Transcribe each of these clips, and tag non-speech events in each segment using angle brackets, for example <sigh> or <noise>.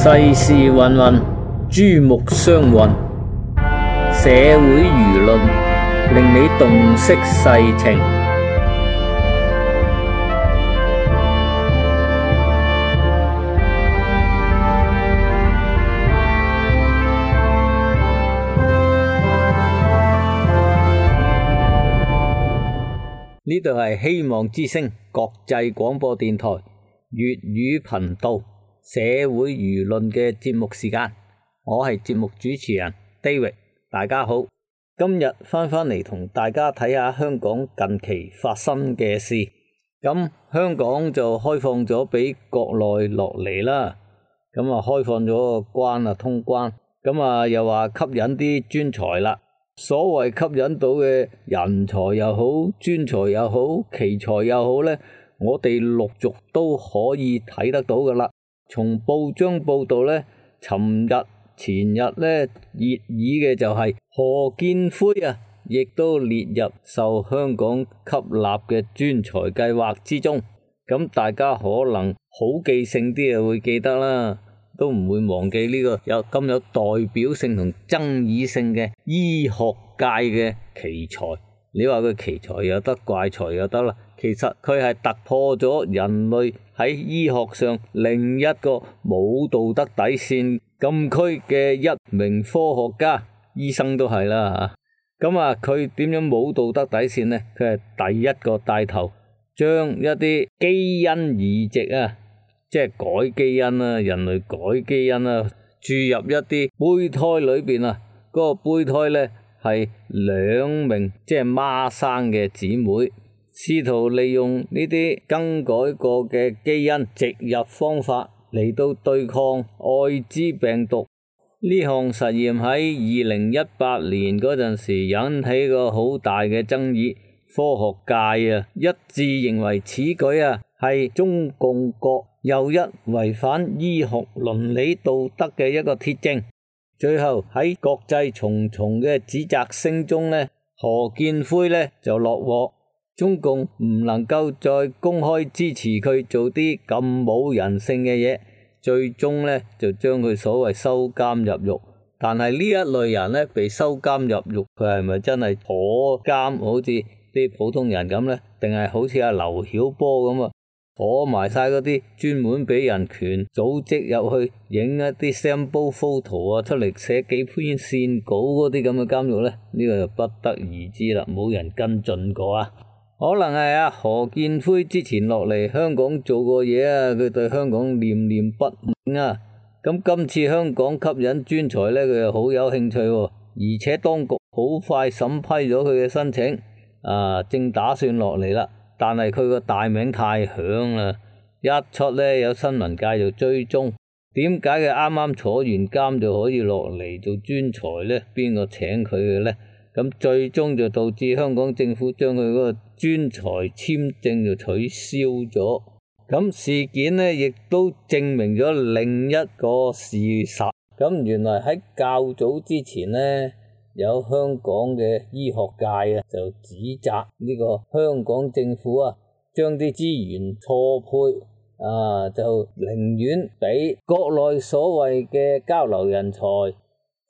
世事混混，珠目相混，社會輿論令你洞悉世情。呢度係希望之聲國際廣播電台粵語頻道。社會輿論嘅節目時間，我係節目主持人 David，大家好。今日翻返嚟同大家睇下香港近期發生嘅事。咁、嗯、香港就開放咗俾國內落嚟啦，咁、嗯、啊開放咗個關啊通關，咁、嗯、啊又話吸引啲專才啦。所謂吸引到嘅人才又好，專才又好，奇才又好咧，我哋陸續都可以睇得到噶啦。從報章報道呢，尋日前日呢熱議嘅就係何建輝啊，亦都列入受香港吸納嘅專才計劃之中。咁大家可能好記性啲啊，會記得啦，都唔會忘記呢個有咁有代表性同爭議性嘅醫學界嘅奇才。你話佢奇才有得，怪才有得啦。.其實佢係突破咗人類喺醫學上另一個冇道德底線禁區嘅一名，科學家醫生都係啦。咁啊，佢點樣冇道德底線呢？佢係第一個帶頭將一啲基因移植啊，即係改基因啊，人類改基因啊，注入一啲胚胎裏邊啊。嗰個胚胎呢，係兩名即係孖生嘅姊妹。試圖利用呢啲更改過嘅基因植入方法嚟到對抗艾滋病毒呢項實驗喺二零一八年嗰陣時引起咗好大嘅爭議，科學界啊一致認為此舉啊係中共國又一違反醫學倫理道德嘅一個鐵證。最後喺國際重重嘅指責聲中呢，何建輝呢就落鑊。中共唔能夠再公開支持佢做啲咁冇人性嘅嘢，最終呢就將佢所謂收監入獄。但係呢一類人呢，被收監入獄，佢係咪真係坐監，好似啲普通人咁呢，定係好似阿劉曉波咁啊，坐埋晒嗰啲專門畀人權組織入去影一啲 sample photo 啊出嚟，寫幾篇線稿嗰啲咁嘅監獄呢，呢、呢個就不得而知啦，冇人跟進過啊！可能係啊，何建輝之前落嚟香港做過嘢啊，佢對香港念念不忘啊！咁今次香港吸引專才咧，佢又好有興趣喎、啊。而且當局好快審批咗佢嘅申請，啊，正打算落嚟啦。但係佢個大名太響啦，一出咧有新聞界就追蹤。點解佢啱啱坐完監就可以落嚟做專才咧？邊個請佢嘅咧？咁最終就導致香港政府將佢嗰個，專才簽證就取消咗，咁事件呢亦都證明咗另一個事實。咁原來喺較早之前呢，有香港嘅醫學界啊，就指責呢個香港政府啊，將啲資源錯配，啊就寧願俾國內所謂嘅交流人才，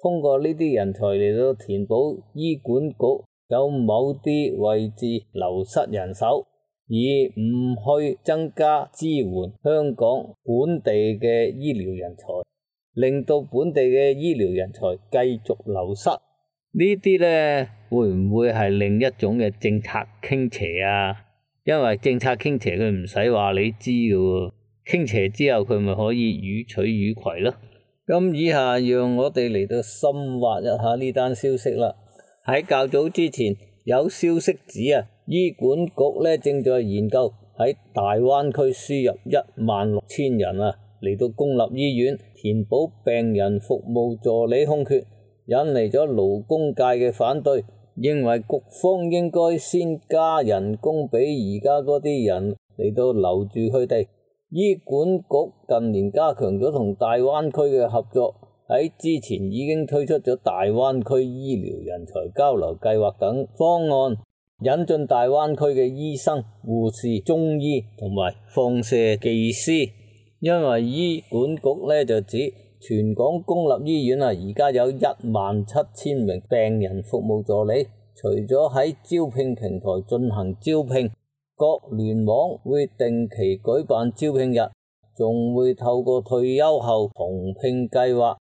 通過呢啲人才嚟到填補醫管局。有某啲位置流失人手，而唔去增加支援香港本地嘅醫療人才，令到本地嘅醫療人才繼續流失。呢啲呢會唔會係另一種嘅政策傾斜啊？因為政策傾斜佢唔使話你知噶喎，傾斜之後佢咪可以予取予攜咯。咁以下讓我哋嚟到深挖一下呢單消息啦。喺較早之前，有消息指啊，醫管局咧正在研究喺大灣區輸入一萬六千人啊，嚟到公立醫院填補病人服務助理空缺，引嚟咗勞工界嘅反對，認為局方應該先加人工俾而家嗰啲人嚟到留住佢哋。醫管局近年加強咗同大灣區嘅合作。喺之前已經推出咗大灣區醫療人才交流計劃等方案，引進大灣區嘅醫生、護士、中醫同埋放射技師。因為醫管局呢，就指全港公立醫院啊，而家有一萬七千名病人服務助理。除咗喺招聘平台進行招聘，各聯網會定期舉辦招聘日，仲會透過退休後同聘計劃。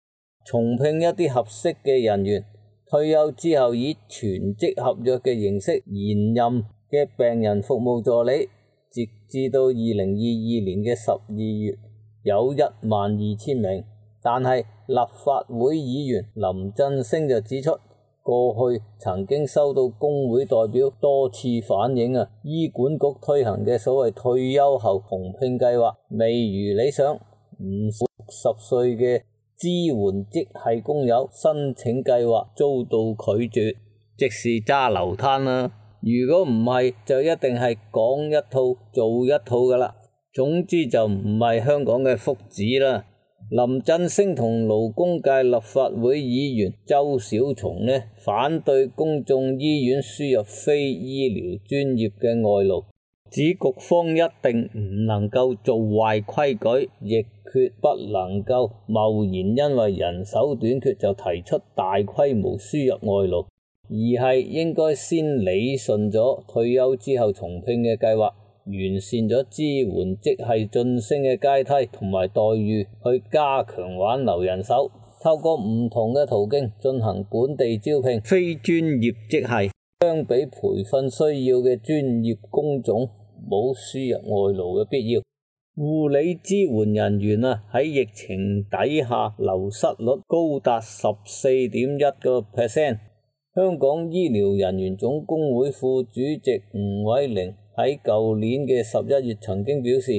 重聘一啲合適嘅人員，退休之後以全職合約嘅形式延任嘅病人服務助理，直至到二零二二年嘅十二月，有一萬二千名。但係立法會議員林振昇就指出，過去曾經收到工會代表多次反映啊，醫管局推行嘅所謂退休後重聘計劃未如理想，唔滿六十歲嘅。支援職系工友申請計劃遭到拒絕，即是揸流攤啦、啊。如果唔係，就一定係講一套做一套噶啦。總之就唔係香港嘅福祉啦。林振昇同勞工界立法會議員周小松呢，反對公眾醫院輸入非醫療專業嘅外勞，指局方一定唔能夠做壞規矩，亦。決不能夠貿然因為人手短缺就提出大規模輸入外勞，而係應該先理順咗退休之後重聘嘅計劃，完善咗支援職系晉升嘅階梯同埋待遇，去加強挽留人手。透過唔同嘅途徑進行本地招聘，非專業即係相比培訓需要嘅專業工種，冇輸入外勞嘅必要。護理支援人員啊，喺疫情底下流失率高達十四點一個 percent。香港醫療人員總工會副主席吳偉玲喺舊年嘅十一月曾經表示，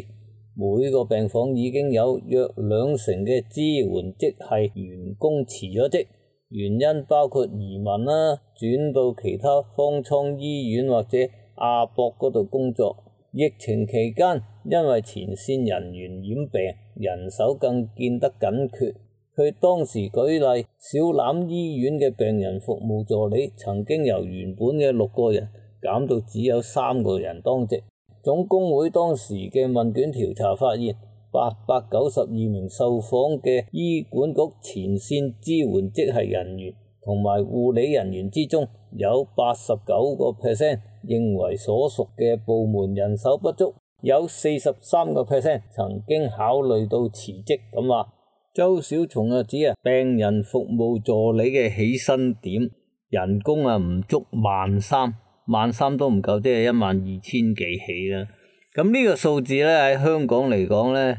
每個病房已經有約兩成嘅支援即係員工辭咗職，原因包括移民啦，轉到其他方艙醫院或者亞博嗰度工作。疫情期間，因為前線人員染病，人手更見得緊缺。佢當時舉例，小欖醫院嘅病人服務助理曾經由原本嘅六個人減到只有三個人當值。總工會當時嘅問卷調查發現，八百九十二名受訪嘅醫管局前線支援職系人員同埋護理人員之中有，有八十九個 percent，認為所屬嘅部門人手不足，有四十三個 percent 曾經考慮到辭職。咁話，周小松啊指啊，病人服務助理嘅起薪點人工啊唔足萬三，萬三都唔夠，即係一萬二千幾起啦。咁呢個數字咧喺香港嚟講咧，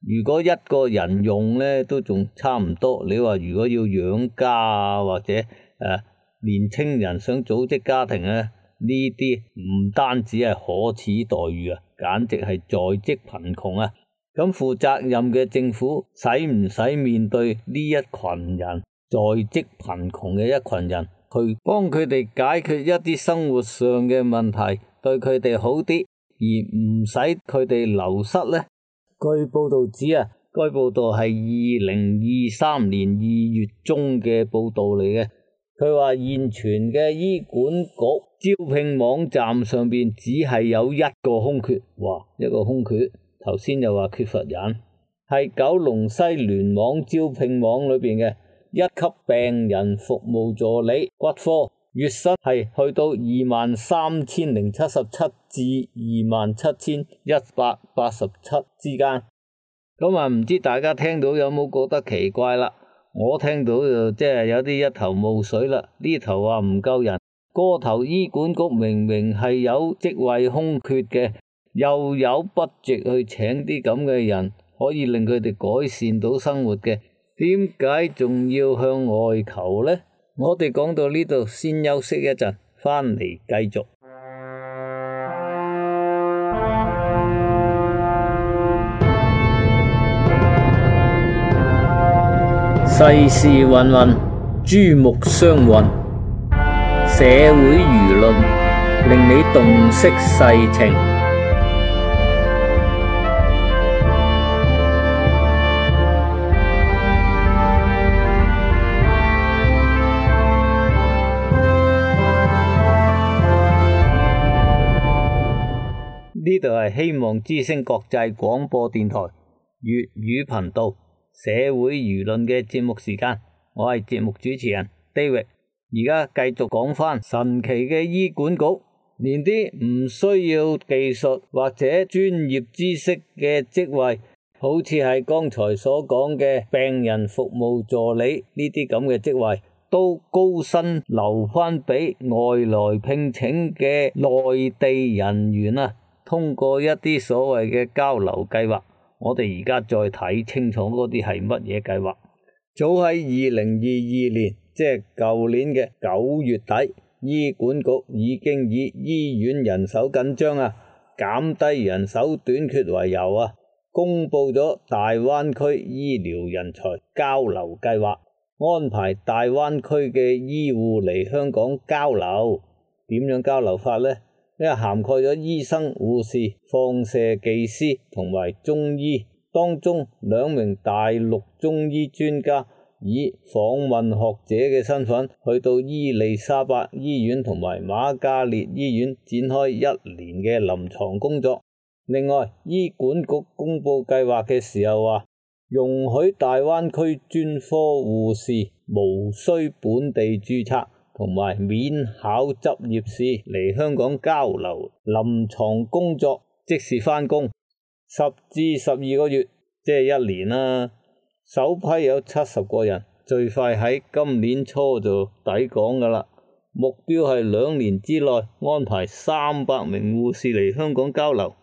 如果一個人用咧都仲差唔多。你話如果要養家啊，或者誒、呃、年青人想組織家庭咧？呢啲唔單止係可恥待遇啊，簡直係在職貧窮啊！咁負責任嘅政府使唔使面對呢一群人在職貧窮嘅一群人？去幫佢哋解決一啲生活上嘅問題，對佢哋好啲，而唔使佢哋流失呢？據報道指啊，該報道係二零二三年二月中嘅報道嚟嘅。佢話現存嘅醫管局招聘網站上邊只係有一個空缺，哇，一個空缺。頭先又話缺乏人，係九龍西聯網招聘網裏邊嘅一級病人服務助理骨科，月薪係去到二萬三千零七十七至二萬七千一百八十七之間。咁啊，唔知大家聽到有冇覺得奇怪啦？我聽到就即係有啲一頭霧水啦！呢頭話唔夠人，嗰頭醫管局明明係有職位空缺嘅，又有不值去請啲咁嘅人，可以令佢哋改善到生活嘅，點解仲要向外求呢？我哋講到呢度先休息一陣，翻嚟繼續。世事混混，珠目相混，社會輿論令你洞悉世情。呢度係希望之聲國際廣播電台粵語頻道。社會輿論嘅節目時間，我係節目主持人 David，而家繼續講翻神奇嘅醫管局，連啲唔需要技術或者專業知識嘅職位，好似係剛才所講嘅病人服務助理呢啲咁嘅職位，都高薪留翻畀外來聘請嘅內地人員啊！通過一啲所謂嘅交流計劃。我哋而家再睇清楚嗰啲係乜嘢計劃。早喺二零二二年，即係舊年嘅九月底，醫管局已經以醫院人手緊張啊，減低人手短缺為由啊，公佈咗大灣區醫療人才交流計劃，安排大灣區嘅醫護嚟香港交流。點樣交流法咧？呢係涵蓋咗醫生、護士、放射技師同埋中醫。當中兩名大陸中醫專家，以訪問學者嘅身份去到伊利沙伯醫院同埋瑪嘉烈醫院展開一年嘅臨床工作。另外，醫管局公布計劃嘅時候話，容許大灣區專科護士無需本地註冊。同埋免考執業試嚟香港交流臨床工作，即時翻工十至十二個月，即係一年啦。首批有七十個人，最快喺今年初就抵港噶啦。目標係兩年之內安排三百名護士嚟香港交流，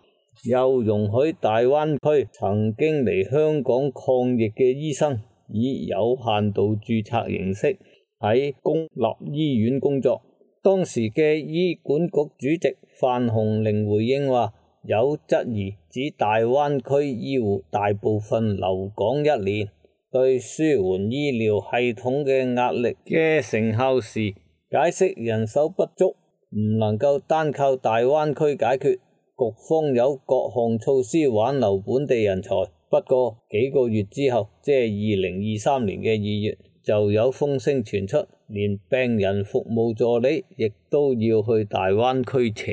又容許大灣區曾經嚟香港抗疫嘅醫生以有限度註冊形式。喺公立醫院工作，當時嘅醫管局主席范鴻齡回應話：有質疑指大灣區醫護大部分留港一年，對舒緩醫療系統嘅壓力嘅成效時，解釋人手不足唔能夠單靠大灣區解決，局方有各項措施挽留本地人才。不過幾個月之後，即係二零二三年嘅二月。就有風聲傳出，連病人服務助理亦都要去大灣區請，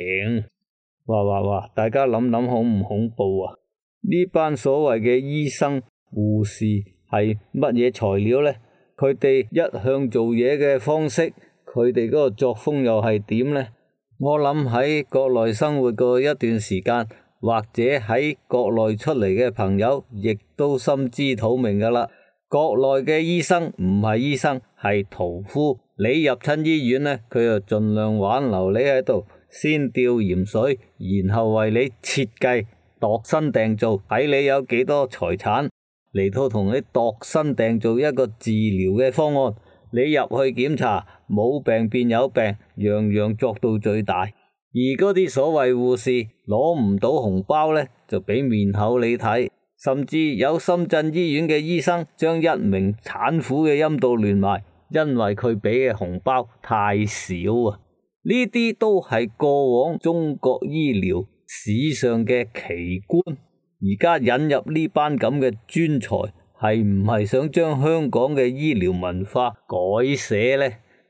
嘩嘩嘩！大家諗諗恐唔恐怖啊？呢班所謂嘅醫生護士係乜嘢材料呢？佢哋一向做嘢嘅方式，佢哋嗰個作風又係點呢？我諗喺國內生活過一段時間，或者喺國內出嚟嘅朋友，亦都心知肚明㗎喇。國內嘅醫生唔係醫生，係屠夫。你入親醫院呢，佢就盡量挽留你喺度，先吊鹽水，然後為你設計度身訂造，睇你有幾多財產，嚟到同你度身訂造一個治療嘅方案。你入去檢查，冇病變有病，樣樣作到最大。而嗰啲所謂護士，攞唔到紅包呢，就畀面口你睇。甚至有深圳醫院嘅醫生將一名產婦嘅陰道亂埋，因為佢畀嘅紅包太少啊！呢啲都係過往中國醫療史上嘅奇觀。而家引入呢班咁嘅專才，係唔係想將香港嘅醫療文化改寫呢？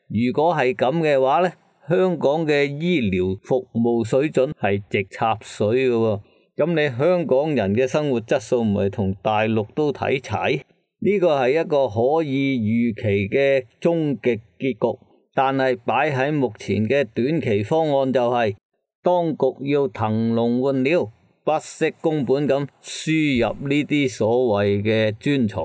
如果係咁嘅話呢，香港嘅醫療服務水準係直插水嘅喎。咁你香港人嘅生活質素唔係同大陸都睇齊？呢個係一個可以預期嘅終極結局，但係擺喺目前嘅短期方案就係、是、當局要騰籠換鳥，不惜工本咁輸入呢啲所謂嘅專才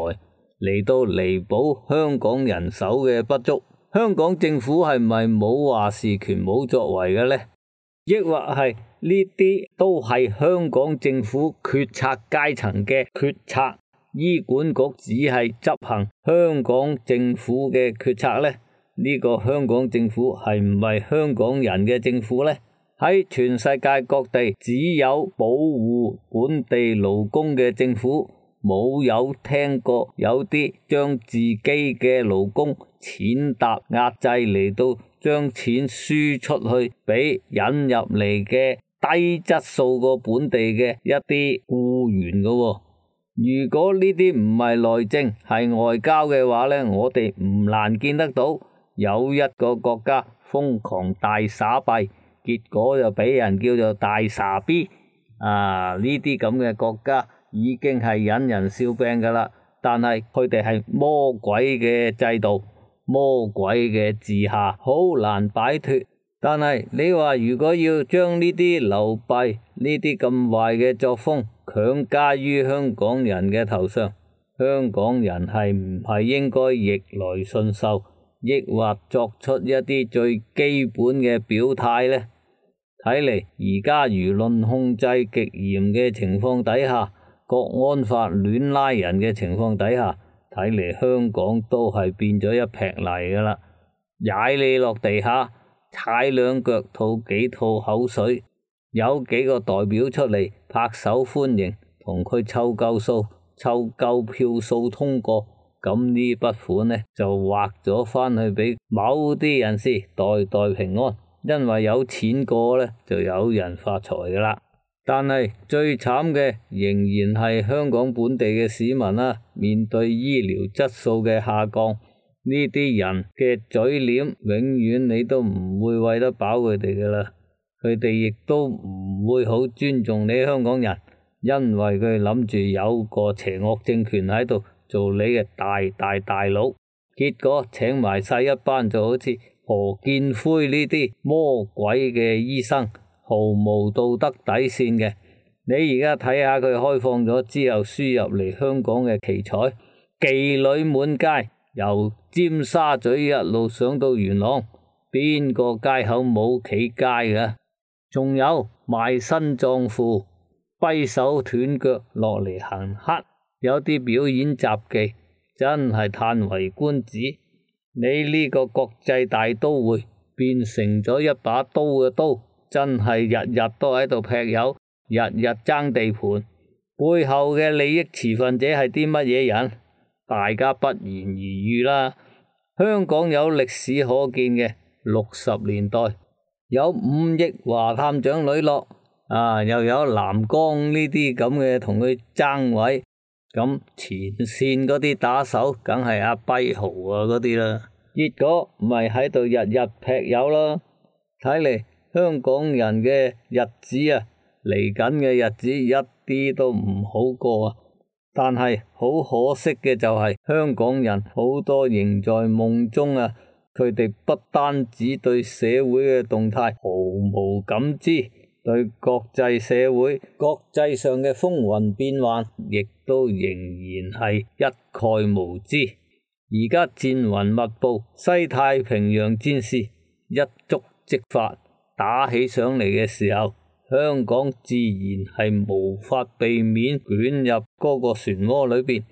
嚟到彌補香港人手嘅不足。香港政府係咪冇話事權、冇作為嘅呢？抑或係？呢啲都係香港政府決策階層嘅決策，醫管局只係執行香港政府嘅決策呢？呢個香港政府係唔係香港人嘅政府呢？喺全世界各地，只有保護本地勞工嘅政府，冇有聽過有啲將自己嘅勞工踐踏壓制嚟到，將錢輸出去畀引入嚟嘅。低質素個本地嘅一啲雇員嘅喎，如果呢啲唔係內政，係外交嘅話呢，我哋唔難見得到，有一個國家瘋狂大傻幣，結果就俾人叫做大傻逼啊！呢啲咁嘅國家已經係引人笑柄噶啦，但係佢哋係魔鬼嘅制度，魔鬼嘅治下，好難擺脱。但係你話，如果要將呢啲流弊、呢啲咁壞嘅作風強加於香港人嘅頭上，香港人係唔係應該逆來順受，抑或作出一啲最基本嘅表態呢？睇嚟而家輿論控制極嚴嘅情況底下，國安法亂拉人嘅情況底下，睇嚟香港都係變咗一劈泥噶啦，踩你落地下。踩兩腳，吐幾吐口水，有幾個代表出嚟拍手歡迎，同佢湊夠數、湊夠票數通過，咁呢筆款呢就劃咗返去俾某啲人士，代代平安。因為有錢過呢，就有人發財㗎喇。但係最慘嘅仍然係香港本地嘅市民啦、啊，面對醫療質素嘅下降。呢啲人嘅嘴臉，永遠你都唔會餵得飽佢哋噶啦。佢哋亦都唔會好尊重你香港人，因為佢諗住有個邪惡政權喺度做你嘅大大大佬。結果請埋晒一班就好似何建輝呢啲魔鬼嘅醫生，毫無道德底線嘅。你而家睇下佢開放咗之後，輸入嚟香港嘅奇才，妓女滿街。由尖沙咀一路上到元朗，邊個街口冇企街㗎？仲有賣身葬父、揮手斷腳落嚟行乞，有啲表演雜技，真係歎為觀止。你呢個國際大都會變成咗一把刀嘅刀，真係日日都喺度劈友，日日爭地盤，背後嘅利益持份者係啲乜嘢人？大家不言而喻啦。香港有歷史可見嘅六十年代，有五億華探長呂樂啊，又有藍剛呢啲咁嘅同佢爭位，咁、啊、前線嗰啲打手梗係阿跛豪啊嗰啲啦。結果咪喺度日日劈友咯。睇嚟香港人嘅日子啊，嚟緊嘅日子一啲都唔好過啊！但係好可惜嘅就係、是，香港人好多仍在夢中啊！佢哋不單止對社會嘅動態毫無感知，對國際社會、國際上嘅風雲變幻，亦都仍然係一概無知。而家戰雲密布，西太平洋戰事一觸即發，打起上嚟嘅時候。香港自然係無法避免捲入嗰個漩渦裏邊。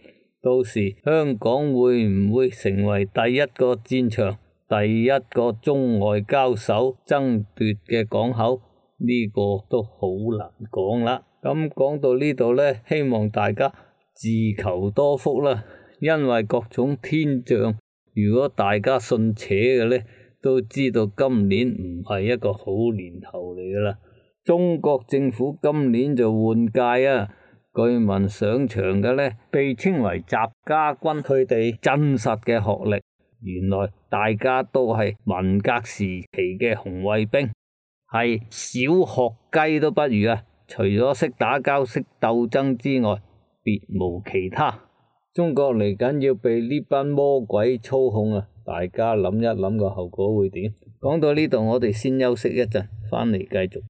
到時香港會唔會成為第一個戰場，第一個中外交手爭奪嘅港口？呢個都好難講啦。咁講到呢度咧，希望大家自求多福啦。因為各種天象，如果大家信邪嘅咧，都知道今年唔係一個好年頭嚟噶啦。中國政府今年就換屆啊！據聞上場嘅呢，被稱為習家軍，佢哋真實嘅學歷原來大家都係文革時期嘅紅衛兵，係小學雞都不如啊！除咗識打交、識鬥爭之外，別無其他。中國嚟緊要被呢班魔鬼操控啊！大家諗一諗個後果會點？講到呢度，我哋先休息一陣，翻嚟繼續。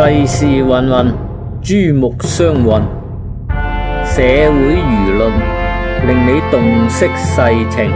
世事芸芸，珠目相混，社會輿論令你洞悉世情。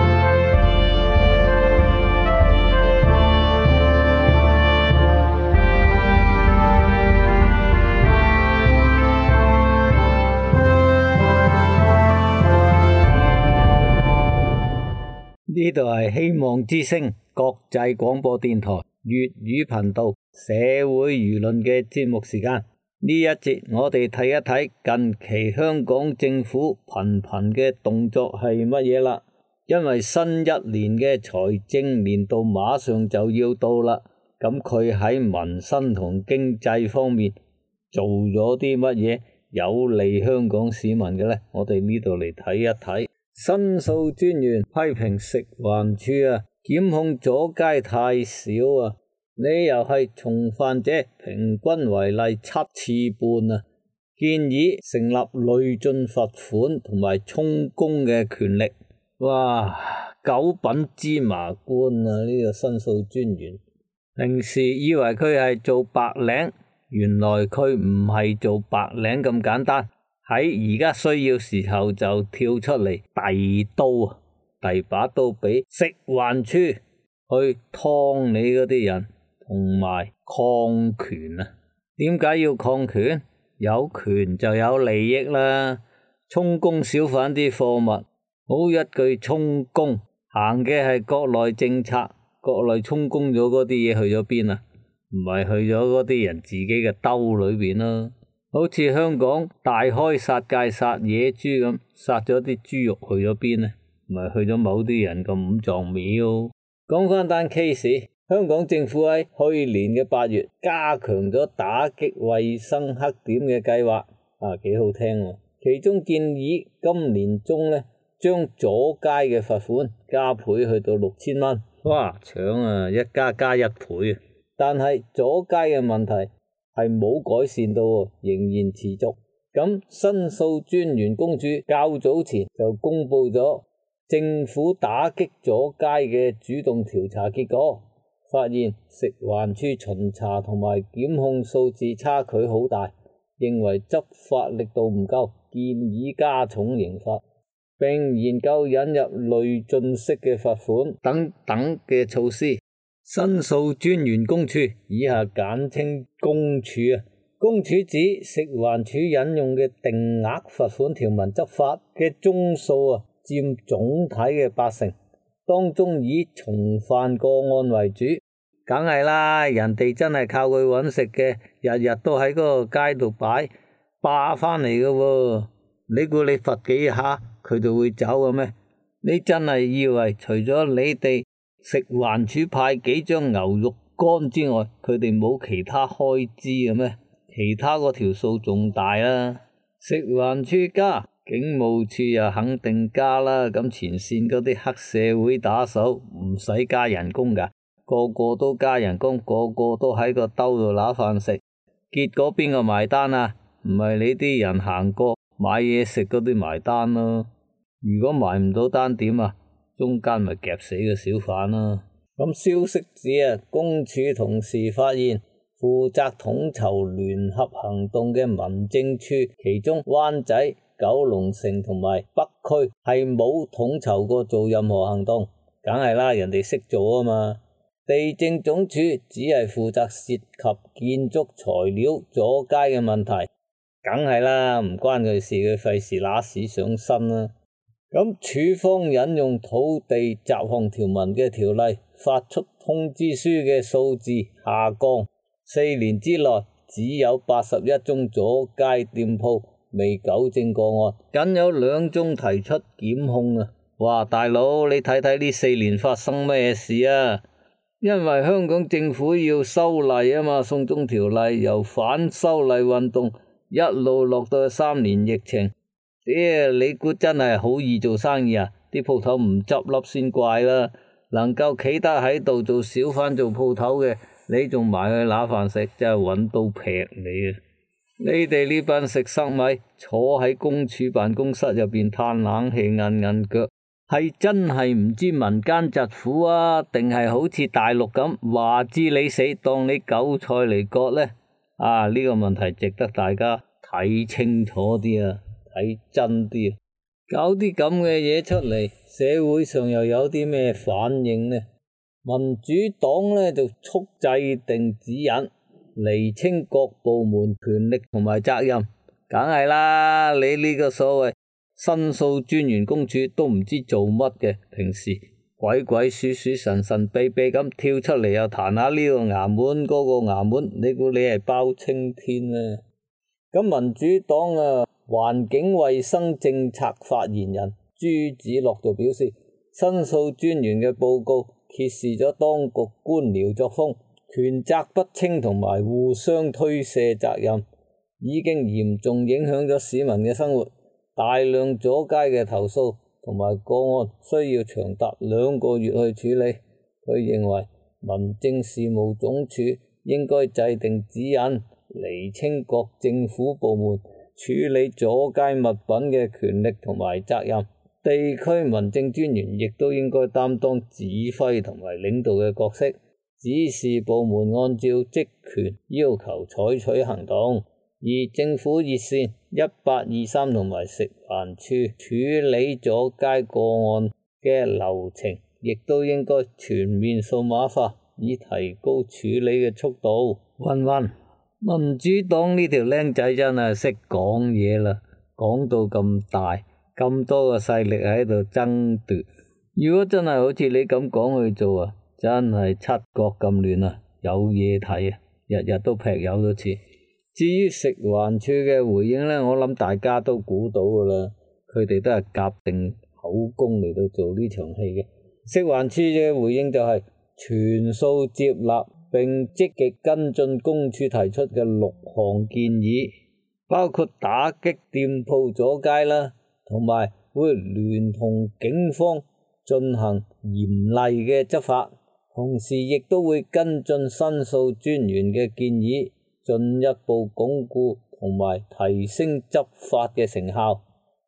呢度係希望之聲國際廣播電台粵語頻道。社會輿論嘅節目時間呢一節，我哋睇一睇近期香港政府頻頻嘅動作係乜嘢啦？因為新一年嘅財政年度馬上就要到啦，咁佢喺民生同經濟方面做咗啲乜嘢有利香港市民嘅呢？我哋呢度嚟睇一睇，申訴專員批評食環署啊，檢控阻街太少啊！你又係從犯者，平均為例七次半啊！建議成立累進罰款同埋充公嘅權力。哇！九品芝麻官啊，呢、這個申訴專員，平時以為佢係做白領，原來佢唔係做白領咁簡單。喺而家需要時候就跳出嚟遞刀啊！遞把刀俾食環處去劏你嗰啲人。同埋擴權啊！點解要擴權？有權就有利益啦。充公小販啲貨物，好一句充公，行嘅係國內政策。國內充公咗嗰啲嘢去咗邊啊？唔係去咗嗰啲人自己嘅兜裏邊咯。好似香港大開殺戒殺野豬咁，殺咗啲豬肉去咗邊啊？唔係去咗某啲人嘅五臟廟。講翻單 case。香港政府喺去年嘅八月加強咗打擊衛生黑點嘅計劃，啊，幾好聽。其中建議今年中呢將阻街嘅罰款加倍去到六千蚊。哇，搶啊，一加加一倍。但係阻街嘅問題係冇改善到，仍然持續。咁申訴專員公署較早前就公布咗政府打擊阻街嘅主動調查結果。發現食環署巡查同埋檢控數字差距好大，認為執法力度唔夠，建議加重刑罰，並研究引入累進式嘅罰款等等嘅措施。申訴專員公署（以下簡稱公署）啊，公署指食環署引用嘅定額罰款條文執法嘅宗數啊，佔總體嘅八成，當中以重犯個案為主。梗係啦，人哋真係靠佢搵食嘅，日日都喺嗰個街度擺，霸翻嚟嘅喎。你估你罰幾下，佢就會走嘅咩？你真係以為除咗你哋食環署派幾張牛肉乾之外，佢哋冇其他開支嘅咩？其他嗰條數仲大啦，食環署加，警務處又肯定加啦。咁前綫嗰啲黑社會打手，唔使加人工噶。個個都加人工，個個都喺個兜度拿飯食，結果邊個埋單啊？唔係你啲人行過買嘢食嗰啲埋單咯，啊。如果埋唔到單點啊，中間咪夾死個小販咯，啊。咁消息指啊，公署同時發現負責統籌聯合行動嘅民政處，其中灣仔、九龍城同埋北區係冇統籌過做任何行動，梗係啦，人哋識做啊嘛。地政總署只係負責涉及建築材料阻街嘅問題，梗係啦，唔關佢事，佢費事攞屎上身啦、啊。咁署方引用土地雜項條文嘅條例發出通知書嘅數字下降，四年之內只有八十一宗阻街店鋪未糾正個案，僅有兩宗提出檢控啊！哇，大佬，你睇睇呢四年發生咩事啊？因為香港政府要修例啊嘛，送中條例由反修例運動一路落到三年疫情，爹、欸，你估真係好易做生意啊？啲鋪頭唔執笠先怪啦。能夠企得喺度做小販做鋪頭嘅，你仲埋去揦飯食，真係揾刀劈你啊！你哋呢班食塞米，坐喺公署辦公室入邊嘆冷氣，韌韌腳。係真係唔知民間疾苦啊，定係好似大陸咁話知你死，當你韭菜嚟割呢？啊，呢個問題值得大家睇清楚啲啊，睇真啲啊！搞啲咁嘅嘢出嚟，社會上又有啲咩反應呢？民主黨呢，就促制定指引，釐清各部門權力同埋責任，梗係啦！你呢個所謂～申訴專員公署都唔知做乜嘅，平時鬼鬼祟祟、神神秘秘咁跳出嚟又彈下呢個衙門嗰個衙門，你估你係包青天咩？咁民主黨啊環境衛生政策發言人朱子樂就表示，申訴專員嘅報告揭示咗當局官僚作風、權責不清同埋互相推卸責任，已經嚴重影響咗市民嘅生活。大量阻街嘅投訴同埋個案需要長達兩個月去處理，佢認為民政事務總署應該制定指引，厘清各政府部門處理阻街物品嘅權力同埋責任。地區民政專員亦都應該擔當指揮同埋領導嘅角色，指示部門按照職權要求採取行動。而政府熱線一八二三同埋食環處處理咗街個案嘅流程，亦都應該全面數碼化，以提高處理嘅速度。溫溫民主黨呢條僆仔真係識講嘢啦，講到咁大咁多個勢力喺度爭奪，如果真係好似你咁講去做啊，真係七國咁亂啊，有嘢睇啊，日日都劈友都似。至於食環署嘅回應呢，我諗大家都估到噶啦，佢哋都係夾定口供嚟到做呢場戲嘅。食環署嘅回應就係全數接納，並積極跟進公署提出嘅六項建議，包括打擊店鋪阻街啦，同埋會聯同警方進行嚴厲嘅執法，同時亦都會跟進申訴專員嘅建議。進一步鞏固同埋提升執法嘅成效，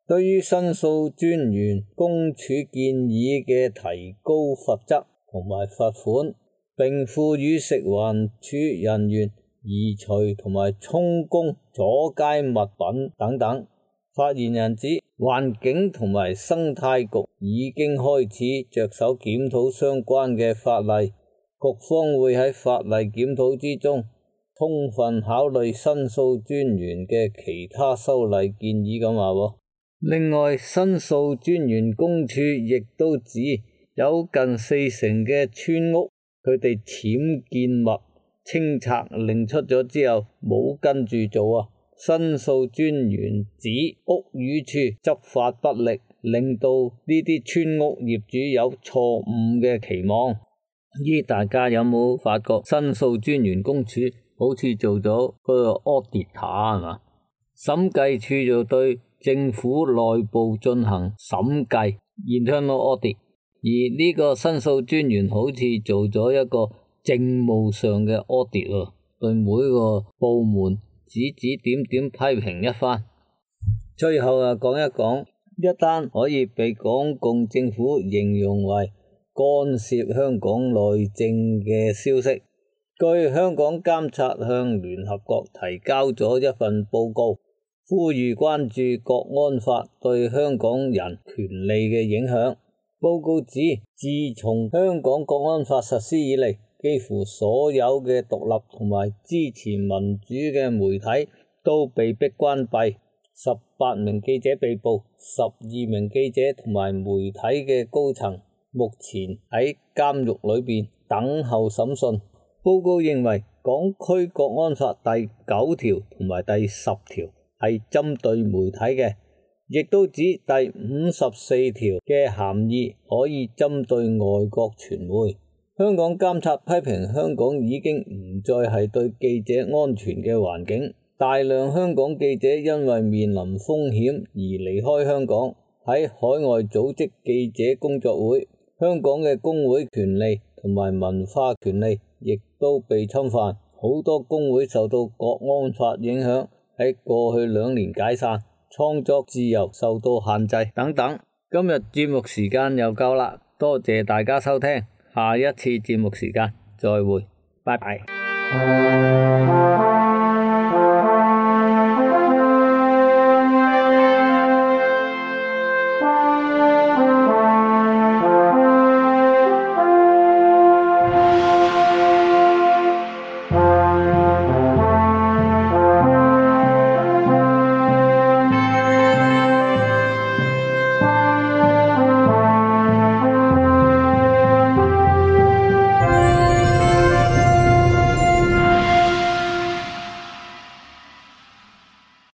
對於申訴專員公署建議嘅提高罰則同埋罰款，並賦予食環署人員移除同埋充公阻街物品等等。發言人指，環境同埋生態局已經開始着手檢討相關嘅法例，局方會喺法例檢討之中。充分考慮申訴專員嘅其他修例建議，咁話。另外，申訴專員公署亦都指有近四成嘅村屋，佢哋僭建物清拆令出咗之後，冇跟住做啊。申訴專員指屋宇處執法不力，令到呢啲村屋業主有錯誤嘅期望。依大家有冇發覺申訴專員公署？好似做咗個 audit 㗎嘛？審計處就對政府內部進行審計，internal audit。而呢個申訴專員好似做咗一個政務上嘅 audit 喎，對每個部門指指點點批評一番。 <laughs> 最後啊，講一講一單可以被港共政府形容為干涉香港內政嘅消息。據香港監察向聯合國提交咗一份報告，呼籲關注國安法對香港人權利嘅影響。報告指，自從香港國安法實施以嚟，幾乎所有嘅獨立同埋支持民主嘅媒體都被迫關閉，十八名記者被捕，十二名記者同埋媒體嘅高層目前喺監獄裏面等候審訊。報告認為，港區國安法第九條同埋第十條係針對媒體嘅，亦都指第五十四條嘅涵義可以針對外國傳媒。香港監察批評香港已經唔再係對記者安全嘅環境，大量香港記者因為面臨風險而離開香港，喺海外組織記者工作會。香港嘅工會權利同埋文化權利亦都被侵犯，好多工會受到國安法影響，喺過去兩年解散，創作自由受到限制等等。今日節目時間又夠啦，多謝大家收聽，下一次節目時間再會，拜拜。 <music>